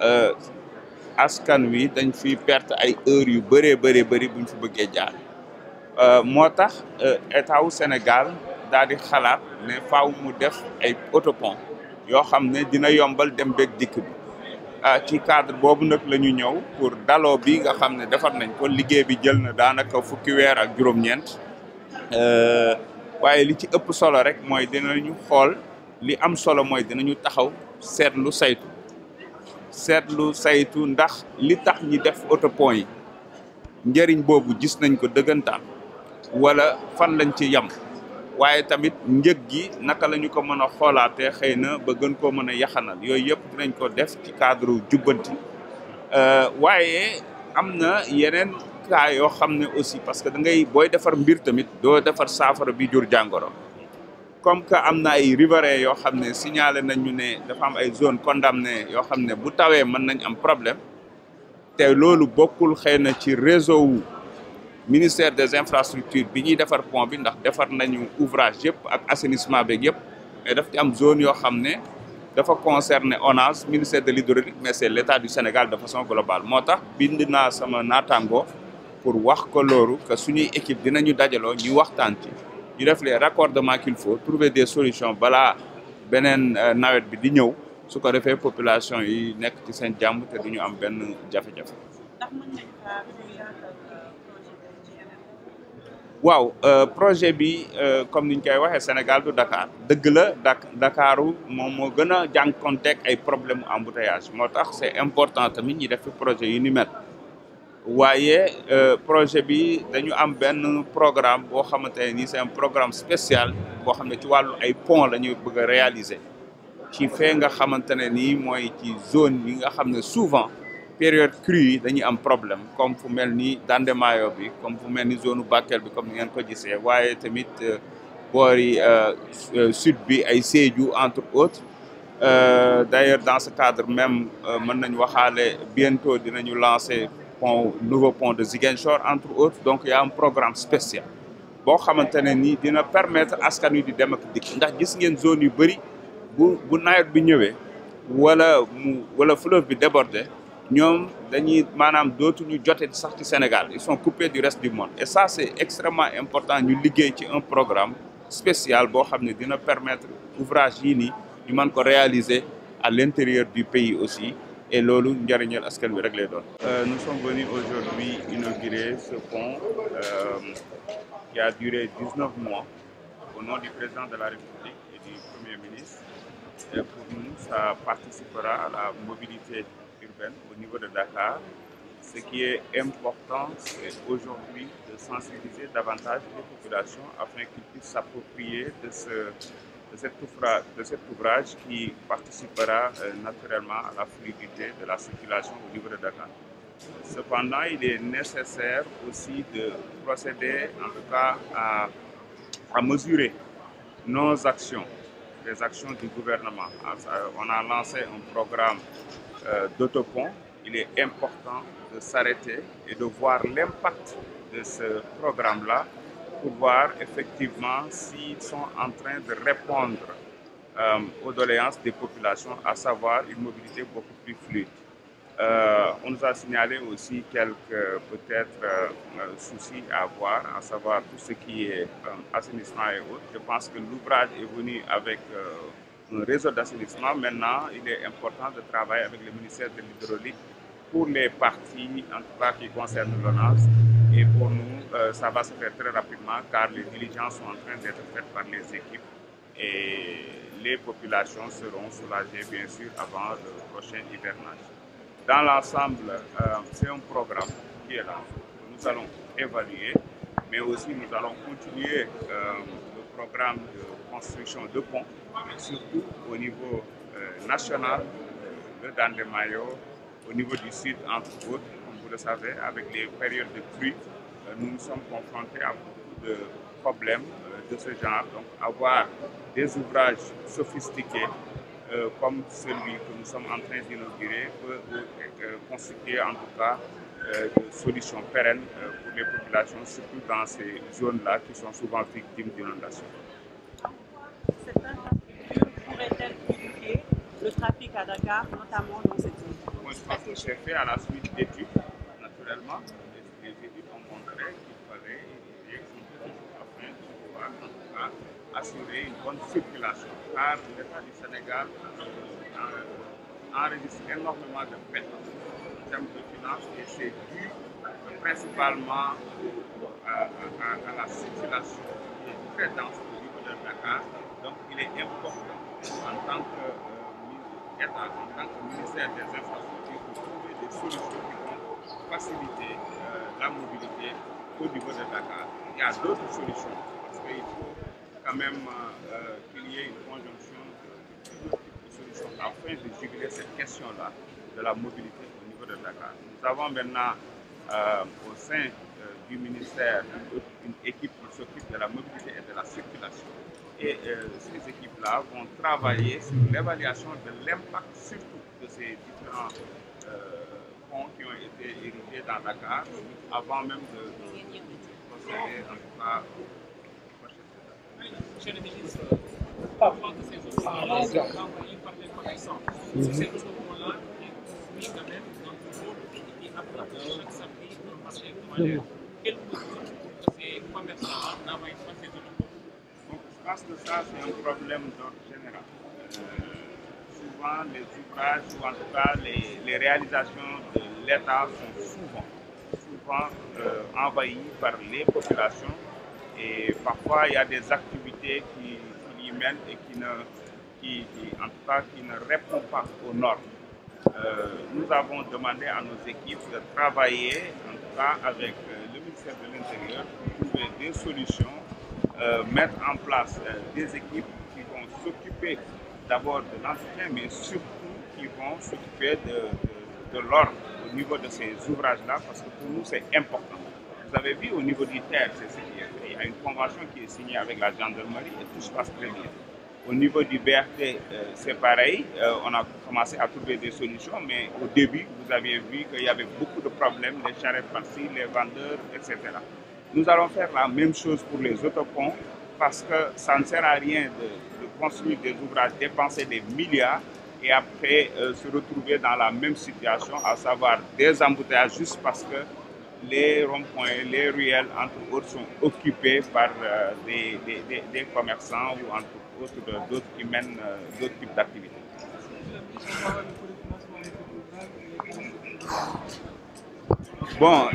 Euh, askan wi dañ fi perte ay heures yu bëree bëree bëri buñ fi bëggee jaar euh, moo tax euh, état wu Sénégal daal di xalaat ne faaw mu def ay autopont yoo xam ne dina yombal dem beeg dikk bi ci cadre boobu nag lañu ñëw pour daloo bi nga xam ne defar nañ ko liggéey bi jël na daanaka fukki weer ak juróom-ñeent waaye li ci ëpp solo rek mooy dinañu xool li am solo mooy dinañu taxaw seet lu saytu seetlu saytu ndax li tax ñi def autopont yi njëriñ boobu gis nañ ko dëggantaan wala fan lañ ci yem waaye tamit njëg gi naka lañu ko mën a xoolaatee xëy na ba gën koo mën a yaxanal yooyu yëpp nañ ko def ci cadre jubbanti euh, waaye am na yeneen cas yoo xam ne aussi parce que da ngay booy defar mbir tamit doo defar saafara bi jur jàngoro comme que am na ay riverains yo xamné ne signalé nañ ñu dafa am ay zone condamnée yo xamné bu tawé mën nañ am problème té lolu bokul xëy ci réseau ministère des infrastructures bi ñuy defar pont bi ndax défar nañu ouvrage yépp ak assainissement beeg yépp mais daf ci am zone yo xamné dafa concerner ONAS ministère de l'hydraulique mais c'est l'état du Sénégal de façon globale motax bind na sama natango pour wax ko lolu que suñu équipe dinañu dajaloo ñu waxtaan ci ñu def les raccordements qu'il faut trouver des solutions balaa beneen euh, nawet bi di ñëw su ko population yi nekk ci seen jàmm te du ñu am benn jafe-jafe. Euh, waaw euh, projet bi euh, comme niñ ñu koy waxee Sénégal du Dakar deug la Dakaru moom mo gëna a contact ay problème embouteillage motax c'est important tamit ñi def projet yi ni mel euh, projet bi programme c'est un programme spécial pour xam pont réaliser ci nga zone souvent période crue dañuy am problème comme fu de bi comme vous zone Bakel bi comme euh, euh, euh, sud bi ay entre autres d'ailleurs dans ce cadre même bientôt lancer pont nouveau pont de Ziguinchor entre autres donc il y a un programme spécial Pour xamante ne dina permettre à ce di dem ak dikk ndax gis ngeen zone yu bëri bu bu nawet bi ñëwee wala mu wala fleuve bi débordé ñoom dañuy d'autres dootuñu jote sax ci Sénégal ils sont coupés du reste du monde et ça c'est extrêmement important ñu liggéey ci un programme spécial pour xam permettre ouvrage yii nii ñu réaliser à l'intérieur du pays aussi et euh, nous sommes venus aujourd'hui inaugurer ce pont euh, qui a duré 19 mois au nom du président de la République et du Premier ministre. Et pour nous, ça participera à la mobilité urbaine au niveau de Dakar. Ce qui est important, c'est aujourd'hui de sensibiliser davantage les populations afin qu'ils puissent s'approprier de ce de cet ouvrage, de ouvrage qui participera euh, naturellement à la fluidité de la circulation au livre de Cependant, il est nécessaire aussi de procéder, en tout cas, à, mesurer nos actions, les actions du gouvernement. Ah, on a lancé un programme euh, d'autopont. Il est important de s'arrêter et de voir l'impact de ce programme-là pour voir effectivement s'ils sont en train de répondre euh, aux doléances des populations, à savoir une mobilité beaucoup plus fluide. Euh, on nous a signalé aussi quelques peut-être euh, soucis à avoir, à savoir tout ce qui est assainissement et autres. Je pense que l'ouvrage est venu avec un réseau d'assainissement. Maintenant, il est important de travailler avec le ministère de l'hydraulique pour les parties, en tout cas qui concernent l'ONAS, et pour nous, euh, ça va se faire très rapidement car les diligences sont en train d'être faites par les équipes et les populations seront soulagées, bien sûr, avant le prochain hivernage. Dans l'ensemble, euh, c'est un programme qui est là. Nous allons évaluer, mais aussi nous allons continuer euh, le programme de construction de ponts, surtout au niveau national, le Dandé-Mayo, au niveau du sud, entre autres vous le savez, avec les périodes de pluie, euh, nous nous sommes confrontés à beaucoup de problèmes euh, de ce genre. Donc avoir des ouvrages sophistiqués euh, comme celui que nous sommes en train d'inaugurer peut, constituer en tout cas une solution pérenne pour les populations, surtout dans ces zones-là qui sont souvent victimes d'inondations. Cette infrastructure pourrait-elle le trafic à Dakar, notamment dans cette zone Moi, je pense que c'est fait à la suite d'études naturellement, les études ont montré qu'il fallait exécuter afin de pouvoir en tout cas, assurer une bonne circulation. Car l'État du Sénégal enregistre énormément de pertes en termes de finances et c'est dû principalement euh, à, la circulation qui est très dense au niveau de Dakar. Donc il est important en tant que, euh, en tant que ministère des infrastructures de trouver des solutions qui vont faciliter euh, la mobilité au niveau de Dakar. Il y a d'autres solutions parce qu'il faut quand même euh, euh, qu'il y ait une conjonction de, solutions afin de juguler cette question-là de la mobilité au niveau de Dakar. Nous avons maintenant au sein du ministère une, équipe qui s'occupe de la mobilité et de la circulation. Et ces équipes-là vont travailler sur l'évaluation de l'impact surtout de ces différents qui ont été érigés dans Dakar avant même de, procéder en tout cas Monsieur le ministre, parlant que ces obstacles qui sont envoyés par les connaissances, mhm. c'est ces mouvements-là qui est quand même dans le groupe, qui apprend chaque samedi pour marché mhm. de l'air. Quel mouvement ces commerçants n'envoient pas ces obstacles Donc je pense que ça c'est un problème d'ordre général. Euh, souvent les ouvrages ou en tout cas les, les réalisations de l'État sont souvent, souvent euh, envahis par les populations et parfois il y a des activités qui, qui y mènent et qui ne, qui, en qui ne répondent pas aux normes. Euh, nous avons demandé à nos équipes de travailler en tout cas avec euh, le ministère de l'Intérieur pour trouver des solutions, mettre en place des équipes qui vont s'occuper d'abord de l'entretien, mais surtout qui vont s'occuper de de l'ordre au niveau de ces ouvrages-là, parce que pour nous, c'est important. Vous avez vu au niveau du terre, c'est ce qui est Il y a une convention qui est signée avec la gendarmerie et tout se passe très bien. Au niveau du BRT, euh, c'est pareil. Euh, on a commencé à trouver des solutions, mais au début, vous avez vu qu'il y avait beaucoup de problèmes, les charrettes par les vendeurs, etc. Nous allons faire la même chose pour les autoponts parce que ça ne sert à rien de, de construire des ouvrages, dépenser des milliards et après euh, se retrouver dans la même situation, à savoir des embouteillages juste parce que les ronds-points, les ruelles, entre autres, sont occupés par euh, des, commerçants ou entre autres d'autres qui mènent euh, d'autres types d'activités. Bon,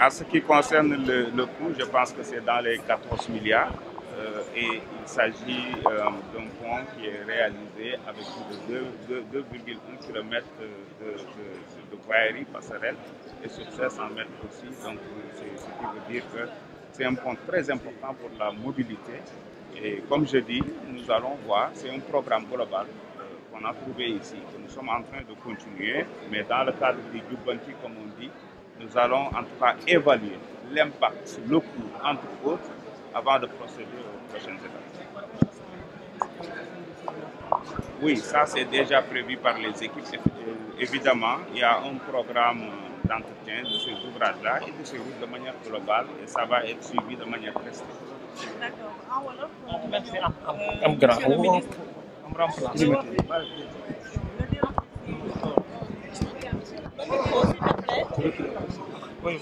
à ce qui concerne le coût, je pense que c'est dans les 14 milliards. Euh, et il s'agit euh, d'un pont qui est réalisé avec plus de 2,1 km de, de, passerelle et sur 600 mètres aussi. Donc, ce qui veut dire que c'est un pont très important pour la mobilité. Et comme je dis, nous allons voir, c'est un programme global euh, qu'on a trouvé ici, que nous sommes en train de continuer, mais dans le cadre du Dubanti, comme on dit, nous allons en tout cas évaluer l'impact, le coût, entre autres, avant de procéder aux prochaines étapes. Oui, ça c'est déjà prévu par les équipes. Euh, évidemment, il y a un programme d'entretien de ces ouvrages-là et de ces routes de manière globale et ça va être suivi de manière très stricte. Oui,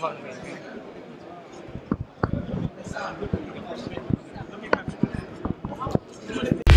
ごめんなさい。